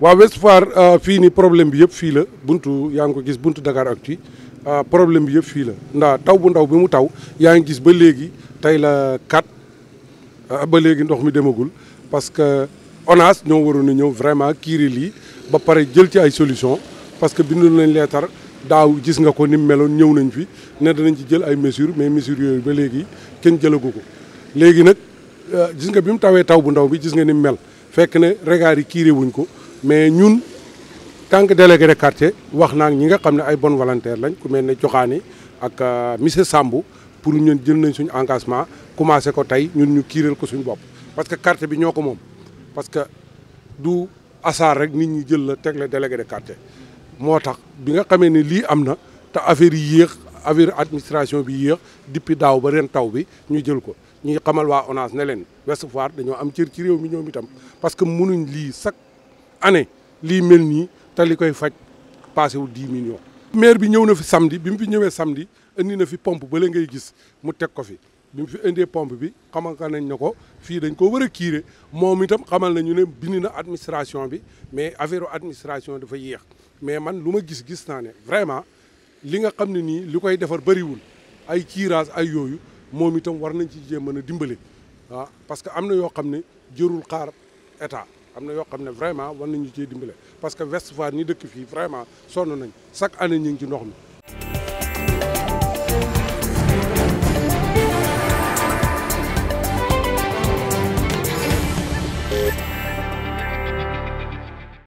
waaw Ouest euh, fii ni problème bi yëpp fii la buntu yaa ngi ko gis buntu ci euh, problème bi yëpp fii la ndax taw bu ndaw bi mu taw yaa ngi gis ba léegi tey la kat euh, ba léegi ndox mi demagul parce que ONAS ñoo waroon na ñëw vraiment kiiri lii ba pare jël ci ay solution parce que bindu nañ leetar daaw gis nga ko ni mu meloon ñëw nañ fi ne danañ ci jël ay mesures mais mesures yooyu ba léegi kenn jëlagu ko léegi nag gis nga bi mu tawee taw bu ndaw bi gis nga ni mu mel fekk ne regards yi kiire wuñ ko mais ñun tant que délégué de quartier wax naa ñi nga xam ne ay bonne volontaire lañ ku mel ne Joxaani ak euh, monsieur Sambou pour ñun jël nañ suñu engagement commencé ko tey ñun ñu kiireel ko suñu bopp parce que quartier bi ñoo ko moom parce que du asaar rek nit ñu jël la teg la délégué de quartier moo tax bi nga xamee ne lii am na te affaire yi yéex affaire administration bi yéex depuis daaw ba ren taw bi ñu jël ko ñuy xamal waa ONAS ne leen Ouest Foire dañoo am cër ci réew mi ñoom itam parce que mënuñ lii chaque année lii mel nii te li koy faj passé wu 10 millions. maire bi ñëw na fi samedi bi mu fi ñëwee samedi indi na fi pompe ba la ngay gis mu teg ko fi bi mu fi indee pompe bi xamal nañ ne ko fii dañ ko war a kiire moom itam xamal nañu ne bind na administration bi mais affaire administration dafa yéex mais man lu ma gis-gis naa ne vraiment li nga xam ne nii li koy defar bëriwul ay kiiraas ay yooyu moom itam war nañ ci jéem mën a dimbale waaw ah, parce que am na yoo xam ne jërul xaar état. am vraiment war nañu cee parce que Ouest ni dëkk fii vraiment chaque année